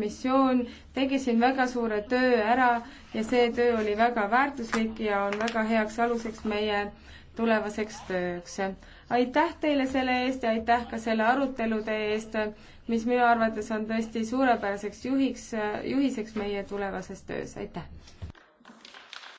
missioon, tegi siin väga suure töö ära ja see töö oli väga väärtuslik ja on väga heaks aluseks meie tulevaseks tööks. aitäh teile selle eest ja aitäh ka selle arutelude eest, mis minu arvates on tõesti suurepäraseks juhiks, juhiseks meie tulevases töös, aitäh!